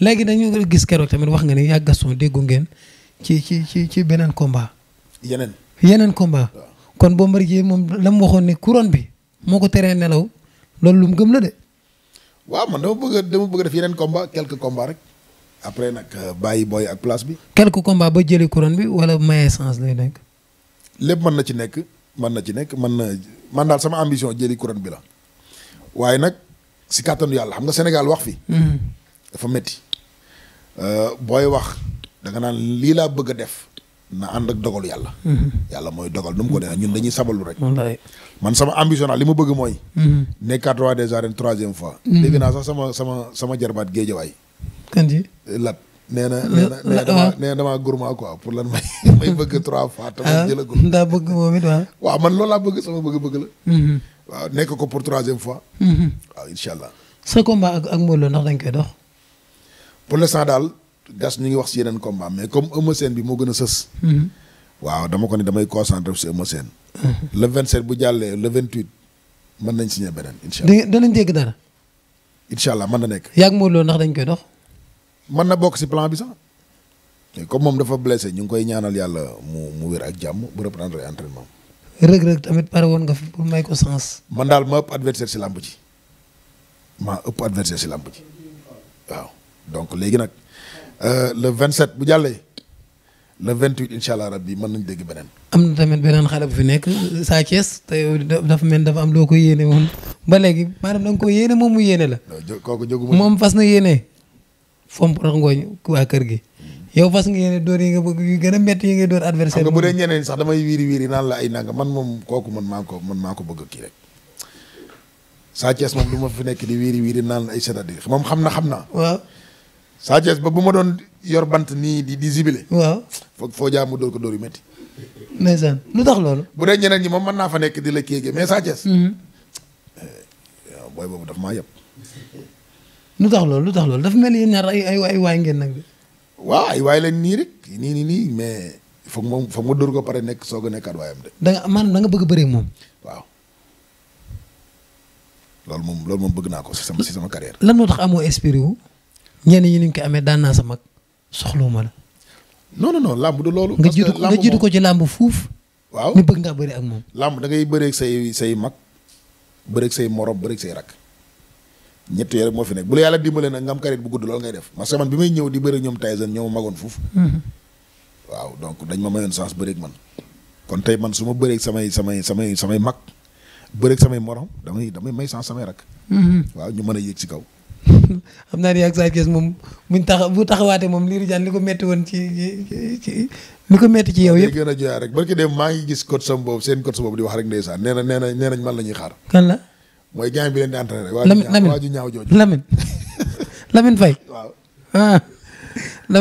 léegi dañu gis keroog tamit wax nga ni yaa Gaston déggu ngeen ci ci ci ci beneen combat. yeneen yeneen combat. kon Bombardier moom la mu waxoon ni couronne bi moo ko teree nelaw loolu lu mu gëm la de. waaw man dama bëgg dama bëgg def yeneen combat quelques combats rek. après nag euh, bàyyi booy ak place bi. quelques combats ba jëli couronne bi wala maye chance lay nekk. lépp mën na ci nekk mën na ci nekk mën na man daal sama ambition jëli couronne bi la waaye nag si kàttanu yàlla xam nga Sénégal wax fi. Hmm. Euh, booy wax da nga naan lii laa bëgg a def na ànd ak dogalu yàlla. Mhm. yàlla mooy dogal nu mu ko defee ñun dañuy sabalu rek. man sama ambition li ma bëgg mooy. Mhm. nekkaat roi des arènes troisième fois. Mhm. dégg naa sax sama sama sama jarbaat géejawaay. kan ji lat nee na nee na nee na nee na damaa gourmand quoi pour lan may may bëgg trois fois. te ma ah, jëlagul ah daa bëgg moom it waaw. ko pour troisième fois. waaw incha allah. sa combat ak ak Modou Lo ndax dañ koy pour l'instant daal gas ñu ngi wax si yeneen combat mais comme Eumeu Sène bi moo gën a sës. Mhm. waaw dama ko ni damay concentré si Eumeu Sène. Mhm. le 27 bu jàllee le 28 mën nañ signé beneen incha allah. di danañ dégg dara. incha allah mën na nekk. yaa ngi Modou Lo ndax dañ koy dox. mën na bokk si plan bi sax. comme moom dafa blessé ñu ngi koy ñaanal yàlla mu mu wér ak jàmm bu reprendre entraînement. rëg-rëg tamit pare woon nga fi pour may ko sens. man daal ma ëpp adversaire si làmb ji maa ëpp adversaire donc léegi nag euh, le 27 bu jàllee le 28 incha allah rabbi mën nañ dégg beneen. am na tamit beneen xale bu fi nekk Sa Thiès te yow dafa mel dafa am loo ko yéene ba léegi maanaam da nga ko yéene moom mu yéene la. kooku jógu moom fas na yéene fomp rax ngooñ waa kër gi. yaw fas nga yéene door yi nga bëgg yi gën a métti yi ngay door adversaire nga bu dee ñeneen sax damay wiiri wiiri naan la ay nanga man moom kooku man maa ko man maa ko bëgg kii rek Sa moom du ma fi nekk di wiiri wiiri naa la ay cest moom xam na xam na waaw Sa Thiès ba bu ma doon yor bant nii di di zibilé. waaw foog foo jaa mu dóor ko door yi métti. ndeysaan lu tax loolu. bu dee ñeneen ñi moom man naa fa nekk di la kéegee mais Sa Thiès. Mm-hmm. Eh, waaw booy boobu daf maa yëpp. lu tax loolu lu tax loolu daf mel ni ñaar ay ay ay ngeen nag. waaw ay waay lañ nii nii nii nii mais foog moom foog ma dóor ko pare nekk soog a nekkaat waayam de. da nga maanaam da nga bëgg a bëree moom. waaw. loolu moom loolu moom bëgg naa ko si sama si sama carrière. lan moo tax amoo esprit ñenn ñi ni ñu amee daan sa mag soxlawuma la. non non non làmb du loolu. nga jiitu ko ci làmb fuuf. waaw ni bëgg ngaa bëri ak moom. làmb da ngay bëreeg say say mag bëreeg say morom bëreeg say rak ñett yooyu fi nekk yàlla dimbale nag nga am karit bu gudd loolu def parce que man bi may ñëw di bëri ñoom Tyson ñoo ma magoon fuuf. Mm-hmm. waaw donc dañ ma mayoon chance bëreeg man. kon tey man su ma bëreeg samay samay samay samay mag bëreeg samay morom damay damay may chance samay rak. Mm-hmm. waaw ñu mën a yéeg ci kaw. xam naa ni ak Sa Thiès moom buñ tax bu taxawaatee moom Lirou Diane li ko metti woon ci ci li ko metti ci yow yëpp. gën a joyaa rek barki dem maa ngi gis coach sam boobu seen coach sam di wax rek ndeysaan nee na nee na nee nañ man la ñuy xaar. kan la. mooy gaañ bi leen di entraîné rek. waa ju ñaaw jooju Lamine Lamine Faye. waaw ah eh, la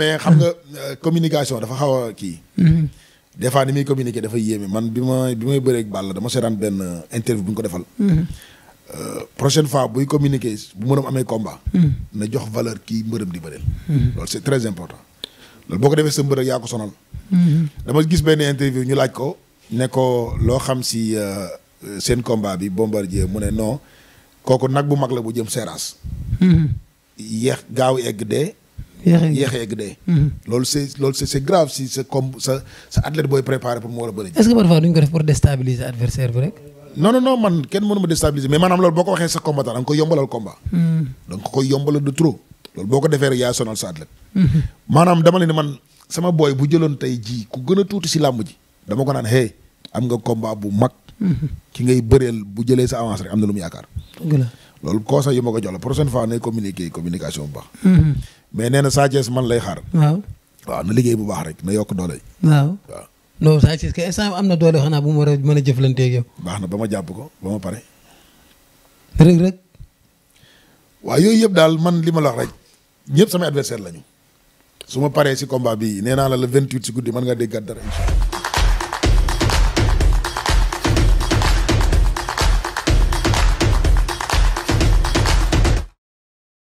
mais xam nga euh, communication dafa xaw a kii. Mm-hmm. des fois ni muy communiqué dafa yéeme man bi ma bi may bëreeg Balla dama seetaan benn euh, interview bu ko defal. Mm-hmm. Euh, prochaine fois buy communiquer bu mënam amee combat. Hmm. na jox valeur kii mbërëm di bëreel. Hmm. loolu c'est très important. loolu boo ko defee sa mbër yaa ko sonal. Hmm. dama gis benn interview ñu laaj ko. ne loo xam si euh, seen combat bi bombardier mu ne non kooku nag bu mag la bu jëm seeraas. yéex gaaw egg dee. yéex egg dee loolu c'est loolu c'est c'est grave si sa comme sa sa athlète booy préparé pour mu war a bëri. est-ce adversaire bi rek. no no non man kenn mënu ma déstabiliser mais maanaam loolu boo ko waxee sa combattant da nga koy yombalal combat. Hmm. da nga koy yombalal de trop. loolu boo ko defee rek yaa sonal sa athlète. Hmm. maanaam dama leen ne man bu jëloon tey jii ku gën a tuuti si làmb ji. dama ko naan hey am nga hmm. sa ma la prochaine fois nay communiquer bu baax. mais nee na Sa Thiès lay xaar. waaw na liggéey bu baax rek na yokk doole. non Sa Thiès que instant am na doole xanaa bu mu war a mën a jëflanteeg yow. baax na ba ma jàpp ko ba ma pare. Reug Reug. waaw yooyu yëpp daal man li ma la wax rek ñëpp samay adversaire lañu. su ma paree si combat bi nee naa la vingt 28 si guddi mën ngaa dégg dara incha allah